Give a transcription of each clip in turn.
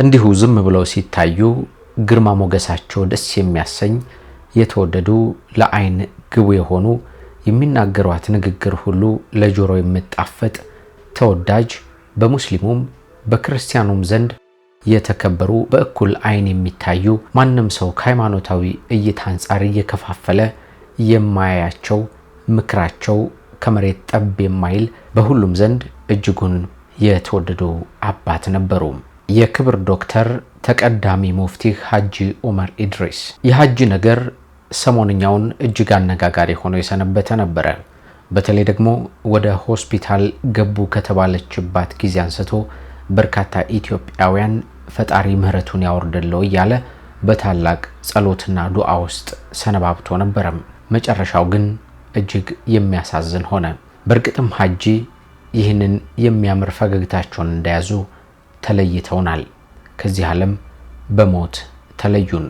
እንዲሁ ዝም ብለው ሲታዩ ግርማ ሞገሳቸው ደስ የሚያሰኝ የተወደዱ ለአይን ግቡ የሆኑ የሚናገሯት ንግግር ሁሉ ለጆሮ የምጣፈጥ ተወዳጅ በሙስሊሙም በክርስቲያኑም ዘንድ የተከበሩ በእኩል አይን የሚታዩ ማንም ሰው ከሃይማኖታዊ እይታ አንጻር እየከፋፈለ የማያያቸው ምክራቸው ከመሬት ጠብ የማይል በሁሉም ዘንድ እጅጉን የተወደዱ አባት ነበሩ። የክብር ዶክተር ተቀዳሚ ሙፍቲ ሀጂ ኡመር ኢድሪስ የሀጂ ነገር ሰሞንኛውን እጅግ አነጋጋሪ ሆኖ የሰነበተ ነበረ። በተለይ ደግሞ ወደ ሆስፒታል ገቡ ከተባለችባት ጊዜ አንስቶ በርካታ ኢትዮጵያውያን ፈጣሪ ምሕረቱን ያወርድለው እያለ በታላቅ ጸሎትና ዱዓ ውስጥ ሰነባብቶ ነበረም። መጨረሻው ግን እጅግ የሚያሳዝን ሆነ። በእርግጥም ሀጂ ይህንን የሚያምር ፈገግታቸውን እንደያዙ ተለይተውናል። ከዚህ ዓለም በሞት ተለዩን።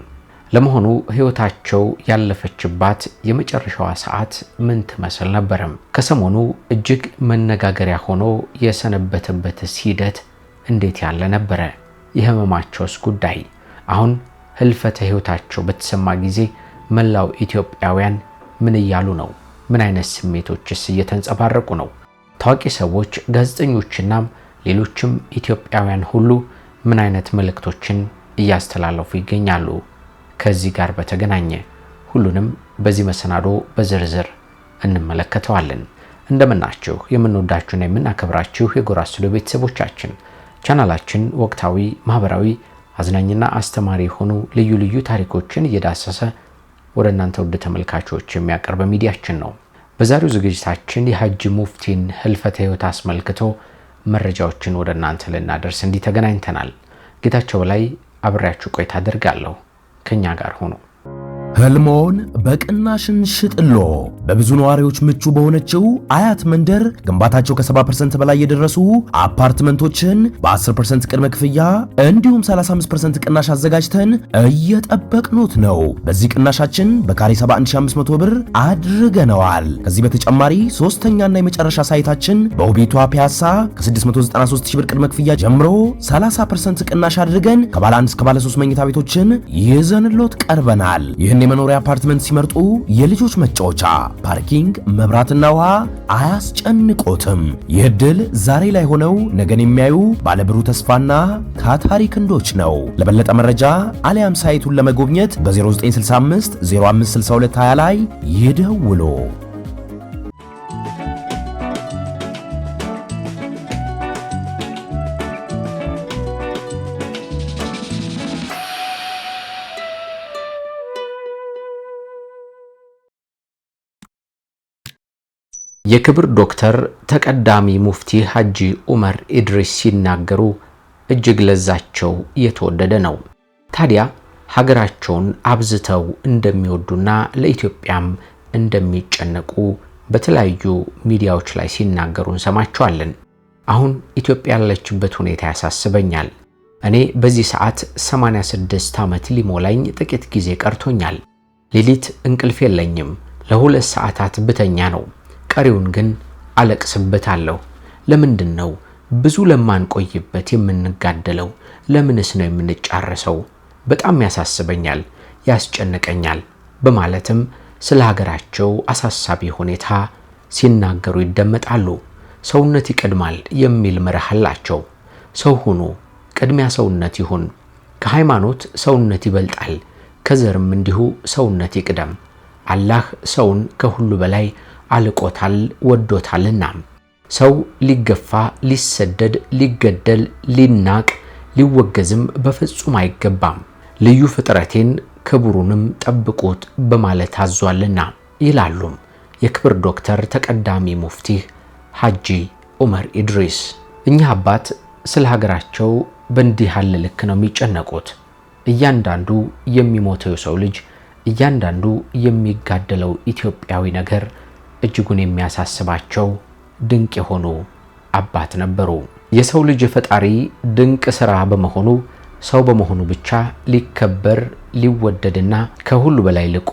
ለመሆኑ ሕይወታቸው ያለፈችባት የመጨረሻዋ ሰዓት ምን ትመስል ነበረም? ከሰሞኑ እጅግ መነጋገሪያ ሆኖ የሰነበተበትስ ሂደት እንዴት ያለ ነበረ? የህመማቸውስ ጉዳይ አሁን ህልፈተ ሕይወታቸው በተሰማ ጊዜ መላው ኢትዮጵያውያን ምን እያሉ ነው? ምን አይነት ስሜቶችስ እየተንጸባረቁ ነው? ታዋቂ ሰዎች፣ ጋዜጠኞችናም ሌሎችም ኢትዮጵያውያን ሁሉ ምን አይነት መልእክቶችን እያስተላለፉ ይገኛሉ? ከዚህ ጋር በተገናኘ ሁሉንም በዚህ መሰናዶ በዝርዝር እንመለከተዋለን። እንደምናችሁ የምንወዳችሁና የምናከብራችሁ የጎራ ስቱዲዮ ቤተሰቦቻችን ቻናላችን ወቅታዊ፣ ማህበራዊ፣ አዝናኝና አስተማሪ የሆኑ ልዩ ልዩ ታሪኮችን እየዳሰሰ ወደ እናንተ ውድ ተመልካቾች የሚያቀርብ ሚዲያችን ነው። በዛሬው ዝግጅታችን የሀጂ ሙፍቲን ህልፈተ ህይወት አስመልክቶ መረጃዎችን ወደ እናንተ ልናደርስ እንዲህ ተገናኝተናል። ጌታቸው በላይ አብሬያችሁ ቆይታ አድርጋለሁ። ከእኛ ጋር ሆኖ ህልሞን በቅናሽን ሽጥሎ በብዙ ነዋሪዎች ምቹ በሆነችው አያት መንደር ግንባታቸው ከ70% በላይ የደረሱ አፓርትመንቶችን በ10% ቅድመ ክፍያ እንዲሁም 35% ቅናሽ አዘጋጅተን እየጠበቅኖት ነው። በዚህ ቅናሻችን በካሬ 71500 ብር አድርገነዋል። ከዚህ በተጨማሪ ሶስተኛና የመጨረሻ ሳይታችን በውቤቷ ፒያሳ ከ693000 ብር ቅድመ ክፍያ ጀምሮ 30% ቅናሽ አድርገን ከባለ አንድ እስከ ባለ 3 መኝታ ቤቶችን ይዘንሎት ቀርበናል። ይህን ይህን የመኖሪያ አፓርትመንት ሲመርጡ የልጆች መጫወቻ፣ ፓርኪንግ፣ መብራትና ውሃ አያስጨንቆትም። ይህ ዕድል ዛሬ ላይ ሆነው ነገን የሚያዩ ባለብሩህ ተስፋና ታታሪ ክንዶች ነው። ለበለጠ መረጃ አሊያም ሳይቱን ለመጎብኘት በ0965 056220 ላይ ይደውሉ። የክብር ዶክተር ተቀዳሚ ሙፍቲ ሐጂ ዑመር ኢድሪስ ሲናገሩ እጅግ ለዛቸው የተወደደ ነው። ታዲያ ሀገራቸውን አብዝተው እንደሚወዱና ለኢትዮጵያም እንደሚጨነቁ በተለያዩ ሚዲያዎች ላይ ሲናገሩ እንሰማቸዋለን። አሁን ኢትዮጵያ ያለችበት ሁኔታ ያሳስበኛል። እኔ በዚህ ሰዓት 86 ዓመት ሊሞላኝ ጥቂት ጊዜ ቀርቶኛል። ሌሊት እንቅልፍ የለኝም። ለሁለት ሰዓታት ብተኛ ነው ቀሪውን ግን አለቅስበታለሁ። ለምንድን ነው ብዙ ለማንቆይበት የምንጋደለው? ለምንስ ነው የምንጫረሰው? በጣም ያሳስበኛል፣ ያስጨንቀኛል በማለትም ስለ ሀገራቸው አሳሳቢ ሁኔታ ሲናገሩ ይደመጣሉ። ሰውነት ይቀድማል የሚል መርህ አላቸው። ሰው ሁኑ፣ ቅድሚያ ሰውነት ይሁን። ከሃይማኖት ሰውነት ይበልጣል፣ ከዘርም እንዲሁ ሰውነት ይቅደም። አላህ ሰውን ከሁሉ በላይ አልቆታል ወዶታልና። ሰው ሊገፋ፣ ሊሰደድ፣ ሊገደል፣ ሊናቅ፣ ሊወገዝም በፍጹም አይገባም። ልዩ ፍጥረቴን ክብሩንም ጠብቁት በማለት አዟልና ይላሉ የክብር ዶክተር ተቀዳሚ ሙፍቲ ሐጂ ዑመር ኢድሪስ። እኚህ አባት ስለ ሀገራቸው በእንዲህ ያለ ልክ ነው የሚጨነቁት። እያንዳንዱ የሚሞተው ሰው ልጅ፣ እያንዳንዱ የሚጋደለው ኢትዮጵያዊ ነገር እጅጉን የሚያሳስባቸው ድንቅ የሆኑ አባት ነበሩ። የሰው ልጅ ፈጣሪ ድንቅ ሥራ በመሆኑ ሰው በመሆኑ ብቻ ሊከበር ሊወደድና ከሁሉ በላይ ልቆ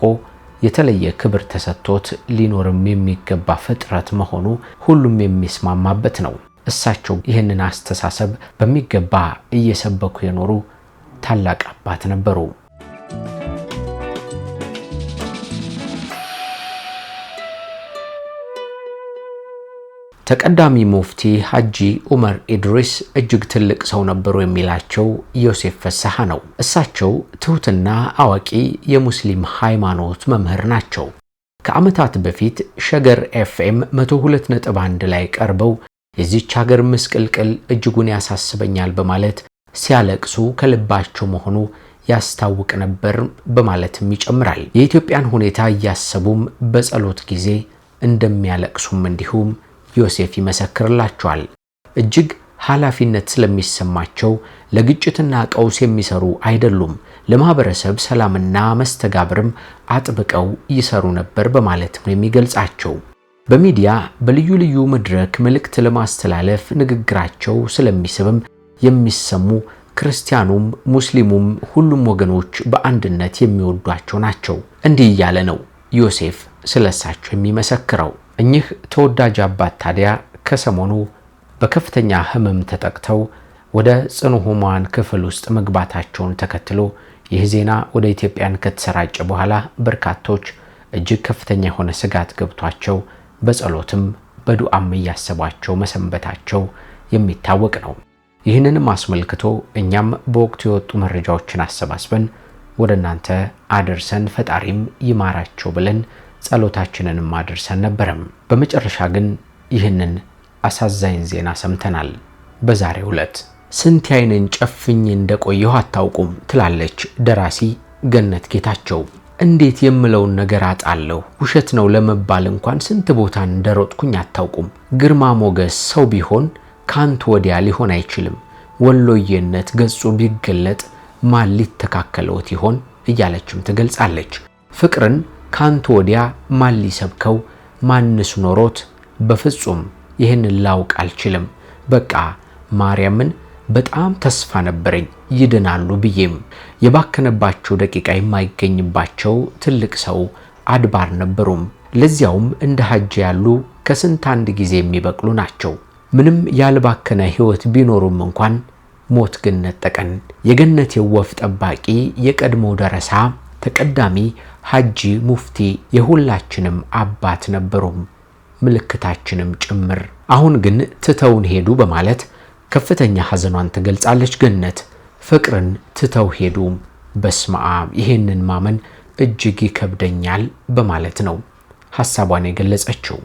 የተለየ ክብር ተሰጥቶት ሊኖርም የሚገባ ፍጥረት መሆኑ ሁሉም የሚስማማበት ነው። እሳቸው ይህንን አስተሳሰብ በሚገባ እየሰበኩ የኖሩ ታላቅ አባት ነበሩ። ተቀዳሚ ሙፍቲ ሐጂ ዑመር ኢድሪስ እጅግ ትልቅ ሰው ነበሩ የሚላቸው ዮሴፍ ፈሳሐ ነው። እሳቸው ትሑትና አዋቂ የሙስሊም ሃይማኖት መምህር ናቸው። ከዓመታት በፊት ሸገር ኤፍኤም 102.1 ላይ ቀርበው የዚች ሀገር ምስቅልቅል እጅጉን ያሳስበኛል በማለት ሲያለቅሱ ከልባቸው መሆኑ ያስታውቅ ነበር በማለትም ይጨምራል። የኢትዮጵያን ሁኔታ እያሰቡም በጸሎት ጊዜ እንደሚያለቅሱም እንዲሁም ዮሴፍ ይመሰክርላቸዋል። እጅግ ኃላፊነት ስለሚሰማቸው ለግጭትና ቀውስ የሚሰሩ አይደሉም፣ ለማህበረሰብ ሰላምና መስተጋብርም አጥብቀው ይሰሩ ነበር በማለት ነው የሚገልጻቸው። በሚዲያ በልዩ ልዩ መድረክ መልእክት ለማስተላለፍ ንግግራቸው ስለሚስብም የሚሰሙ ክርስቲያኑም ሙስሊሙም ሁሉም ወገኖች በአንድነት የሚወዷቸው ናቸው። እንዲህ እያለ ነው ዮሴፍ ስለሳቸው የሚመሰክረው እኚህ ተወዳጅ አባት ታዲያ ከሰሞኑ በከፍተኛ ህመም ተጠቅተው ወደ ጽኑ ሕሙማን ክፍል ውስጥ መግባታቸውን ተከትሎ ይህ ዜና ወደ ኢትዮጵያን ከተሰራጨ በኋላ በርካቶች እጅግ ከፍተኛ የሆነ ስጋት ገብቷቸው በጸሎትም በዱዓም እያሰቧቸው መሰንበታቸው የሚታወቅ ነው። ይህንንም አስመልክቶ እኛም በወቅቱ የወጡ መረጃዎችን አሰባስበን ወደ እናንተ አድርሰን ፈጣሪም ይማራቸው ብለን ጸሎታችንንም አድርሰን ነበረም። በመጨረሻ ግን ይህንን አሳዛኝ ዜና ሰምተናል። በዛሬ ዕለት ስንት አይንን ጨፍኝ እንደቆየሁ አታውቁም ትላለች ደራሲ ገነት ጌታቸው። እንዴት የምለውን ነገር አጣለሁ። ውሸት ነው ለመባል እንኳን ስንት ቦታ እንደሮጥኩኝ አታውቁም። ግርማ ሞገስ ሰው ቢሆን ካንት ወዲያ ሊሆን አይችልም። ወሎዬነት ገጹ ቢገለጥ ማን ሊተካከለውት ይሆን እያለችም ትገልጻለች። ፍቅርን ካንቱ ወዲያ ማን ሊሰብከው ማንስ ኖሮት? በፍጹም ይህን ላውቅ አልችልም። በቃ ማርያምን በጣም ተስፋ ነበረኝ ይድናሉ ብዬም። የባከነባቸው ደቂቃ የማይገኝባቸው ትልቅ ሰው አድባር ነበሩም። ለዚያውም እንደ ሀጅ ያሉ ከስንት አንድ ጊዜ የሚበቅሉ ናቸው። ምንም ያልባከነ ሕይወት ቢኖሩም እንኳን ሞት ግን ነጠቀን። የገነት የወፍ ጠባቂ የቀድሞ ደረሳ ተቀዳሚ ሐጂ ሙፍቲ የሁላችንም አባት ነበሩም ምልክታችንም ጭምር። አሁን ግን ትተውን ሄዱ በማለት ከፍተኛ ሐዘኗን ትገልጻለች። ገነት ፍቅርን ትተው ሄዱ፣ በስመ አብ ይሄንን ማመን እጅግ ይከብደኛል በማለት ነው ሐሳቧን የገለጸችው።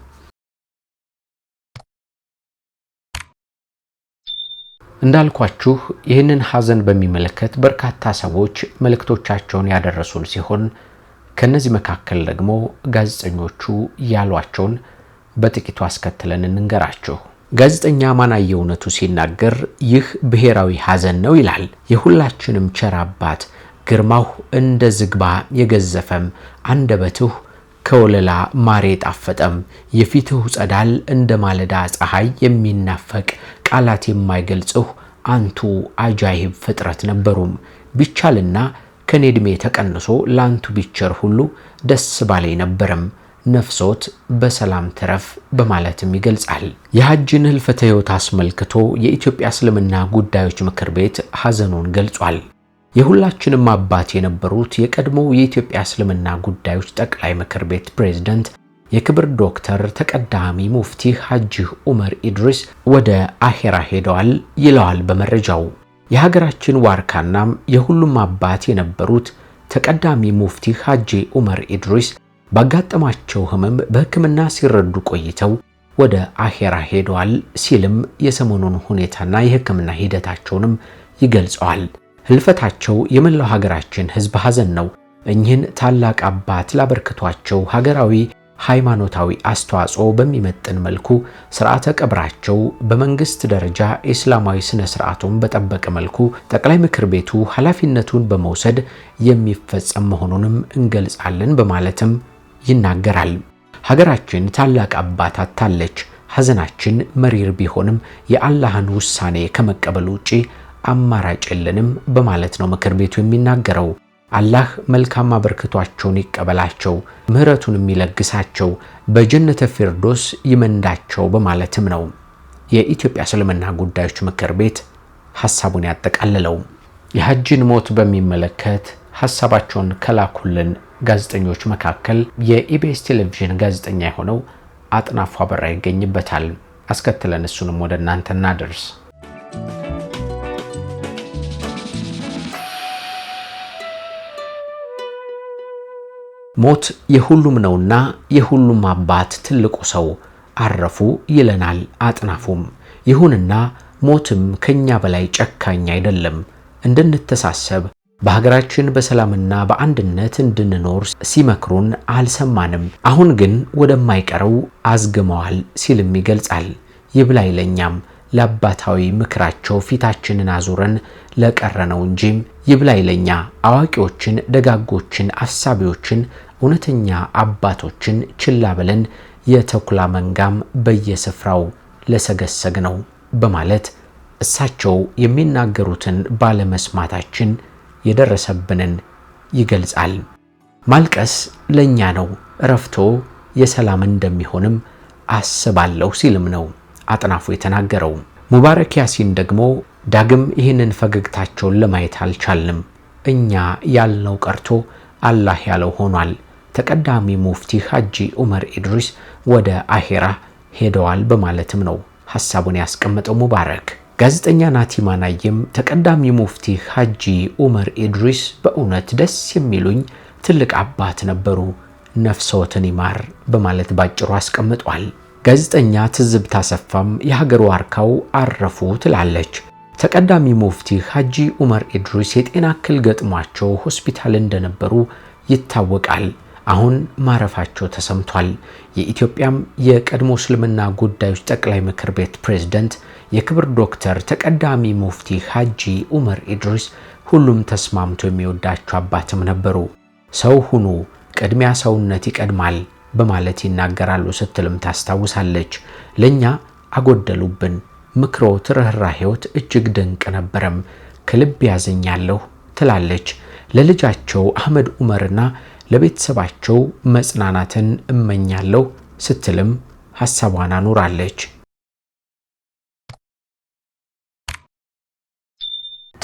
እንዳልኳችሁ ይህንን ሐዘን በሚመለከት በርካታ ሰዎች መልእክቶቻቸውን ያደረሱን ሲሆን ከእነዚህ መካከል ደግሞ ጋዜጠኞቹ ያሏቸውን በጥቂቱ አስከትለን እንንገራችሁ። ጋዜጠኛ ማናየውነቱ እውነቱ ሲናገር ይህ ብሔራዊ ሐዘን ነው ይላል። የሁላችንም ቸር አባት ግርማሁ እንደ ዝግባ የገዘፈም አንደበትሁ ከወለላ ማር የጣፈጠም የፊትሁ ጸዳል እንደ ማለዳ ፀሐይ የሚናፈቅ ቃላት የማይገልጽህ አንቱ አጃይብ ፍጥረት ነበሩም። ቢቻልና ከኔ ዕድሜ ተቀንሶ ለአንቱ ቢቸር ሁሉ ደስ ባላይ ነበርም። ነፍሶት በሰላም ትረፍ በማለትም ይገልጻል። የሐጅን ህልፈተ አስመልክቶ የኢትዮጵያ እስልምና ጉዳዮች ምክር ቤት ሐዘኑን ገልጿል። የሁላችንም አባት የነበሩት የቀድሞው የኢትዮጵያ እስልምና ጉዳዮች ጠቅላይ ምክር ቤት ፕሬዝደንት የክብር ዶክተር ተቀዳሚ ሙፍቲ ሐጂ ኡመር ኢድሪስ ወደ አሄራ ሄደዋል ይለዋል በመረጃው። የሀገራችን ዋርካናም የሁሉም አባት የነበሩት ተቀዳሚ ሙፍቲ ሐጂ ኡመር ኢድሪስ ባጋጠማቸው ህመም በሕክምና ሲረዱ ቆይተው ወደ አሄራ ሄደዋል ሲልም የሰሞኑን ሁኔታና የሕክምና ሂደታቸውንም ይገልጸዋል። ህልፈታቸው የመላው ሀገራችን ህዝብ ሐዘን ነው። እኚህን ታላቅ አባት ላበርክቷቸው ሀገራዊ ሃይማኖታዊ አስተዋጽኦ በሚመጥን መልኩ ስርዓተ ቀብራቸው በመንግስት ደረጃ ኢስላማዊ ስነ ስርዓቱን በጠበቀ መልኩ ጠቅላይ ምክር ቤቱ ኃላፊነቱን በመውሰድ የሚፈጸም መሆኑንም እንገልጻለን በማለትም ይናገራል። ሀገራችን ታላቅ አባት አታለች። ሐዘናችን መሪር ቢሆንም የአላህን ውሳኔ ከመቀበል ውጪ አማራጭ የለንም በማለት ነው ምክር ቤቱ የሚናገረው። አላህ መልካም አበርክቷቸውን ይቀበላቸው፣ ምህረቱን የሚለግሳቸው፣ በጀነተ ፊርዶስ ይመንዳቸው በማለትም ነው የኢትዮጵያ እስልምና ጉዳዮች ምክር ቤት ሐሳቡን ያጠቃልለው። የሐጂን ሞት በሚመለከት ሐሳባቸውን ከላኩልን ጋዜጠኞች መካከል የኢቢኤስ ቴሌቪዥን ጋዜጠኛ የሆነው አጥናፉ አበራ ይገኝበታል። አስከትለን እሱንም ወደ እናንተ እናደርስ። ሞት የሁሉም ነውና የሁሉም አባት ትልቁ ሰው አረፉ ይለናል አጥናፉም። ይሁንና ሞትም ከኛ በላይ ጨካኝ አይደለም። እንድንተሳሰብ በሀገራችን በሰላምና በአንድነት እንድንኖር ሲመክሩን አልሰማንም። አሁን ግን ወደማይቀረው አዝግመዋል ሲልም ይገልጻል። ይብላይ ለእኛም ለአባታዊ ምክራቸው ፊታችንን አዙረን ለቀረነው እንጂም ይብላይ ለእኛ አዋቂዎችን፣ ደጋጎችን፣ አሳቢዎችን እውነተኛ አባቶችን ችላ ብለን የተኩላ መንጋም በየስፍራው ለሰገሰግ ነው በማለት እሳቸው የሚናገሩትን ባለመስማታችን የደረሰብንን ይገልጻል። ማልቀስ ለእኛ ነው ረፍቶ የሰላም እንደሚሆንም አስባለሁ ሲልም ነው አጥናፉ የተናገረው። ሙባረክ ያሲን ደግሞ ዳግም ይህንን ፈገግታቸውን ለማየት አልቻልንም፣ እኛ ያልነው ቀርቶ አላህ ያለው ሆኗል ተቀዳሚ ሙፍቲ ሐጂ ዑመር ኢድሪስ ወደ አሄራ ሄደዋል በማለትም ነው ሐሳቡን ያስቀመጠው ሙባረክ። ጋዜጠኛ ናቲ ናየም ተቀዳሚ ሙፍቲ ሐጂ ዑመር ኢድሪስ በእውነት ደስ የሚሉኝ ትልቅ አባት ነበሩ፣ ነፍሶትን ይማር በማለት ባጭሩ አስቀምጧል። ጋዜጠኛ ትዝብ ታሰፋም የሀገር ዋርካው አረፉ ትላለች። ተቀዳሚ ሙፍቲ ሐጂ ዑመር ኢድሪስ የጤና እክል ገጥሟቸው ሆስፒታል እንደነበሩ ይታወቃል። አሁን ማረፋቸው ተሰምቷል። የኢትዮጵያም የቀድሞ እስልምና ጉዳዮች ጠቅላይ ምክር ቤት ፕሬዝደንት የክብር ዶክተር ተቀዳሚ ሙፍቲ ሐጂ ኡመር ኢድሪስ ሁሉም ተስማምቶ የሚወዳቸው አባትም ነበሩ። ሰው ሁኑ፣ ቅድሚያ ሰውነት ይቀድማል በማለት ይናገራሉ ስትልም ታስታውሳለች። ለእኛ አጎደሉብን ምክሮት ርኅራኄዎት እጅግ ድንቅ ነበረም፣ ከልብ ያዘኛለሁ ትላለች ለልጃቸው አህመድ ኡመርና ለቤተሰባቸው መጽናናትን እመኛለሁ ስትልም ሀሳቧን አኑራለች።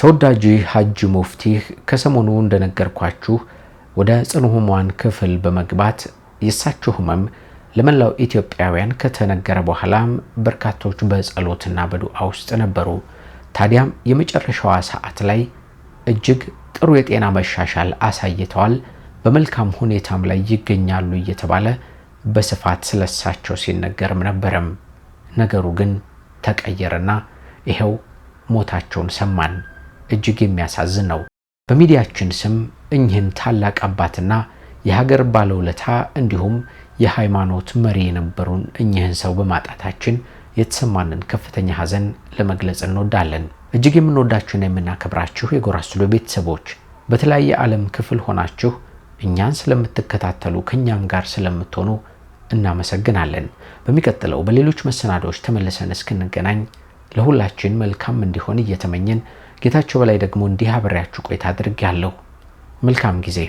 ተወዳጅ ሀጅ ሙፍቲ ከሰሞኑ እንደነገርኳችሁ ወደ ጽኑ ህሙማን ክፍል በመግባት የእሳቸው ህመም ለመላው ኢትዮጵያውያን ከተነገረ በኋላም በርካቶች በጸሎትና በዱዓ ውስጥ ነበሩ። ታዲያም የመጨረሻዋ ሰዓት ላይ እጅግ ጥሩ የጤና መሻሻል አሳይተዋል። በመልካም ሁኔታም ላይ ይገኛሉ እየተባለ በስፋት ስለሳቸው ሲነገርም ነበረም። ነገሩ ግን ተቀየረና ይኸው ሞታቸውን ሰማን። እጅግ የሚያሳዝን ነው። በሚዲያችን ስም እኚህን ታላቅ አባትና የሀገር ባለውለታ እንዲሁም የሃይማኖት መሪ የነበሩን እኚህን ሰው በማጣታችን የተሰማንን ከፍተኛ ሀዘን ለመግለጽ እንወዳለን። እጅግ የምንወዳችሁን የምናከብራችሁ የጎራ ስቱዲዮ ቤተሰቦች በተለያየ ዓለም ክፍል ሆናችሁ እኛን ስለምትከታተሉ ከእኛም ጋር ስለምትሆኑ እናመሰግናለን። በሚቀጥለው በሌሎች መሰናዶዎች ተመልሰን እስክንገናኝ ለሁላችን መልካም እንዲሆን እየተመኘን ጌታቸው በላይ ደግሞ እንዲህ አብሬያችሁ ቆይታ አድርጌያለሁ። መልካም ጊዜ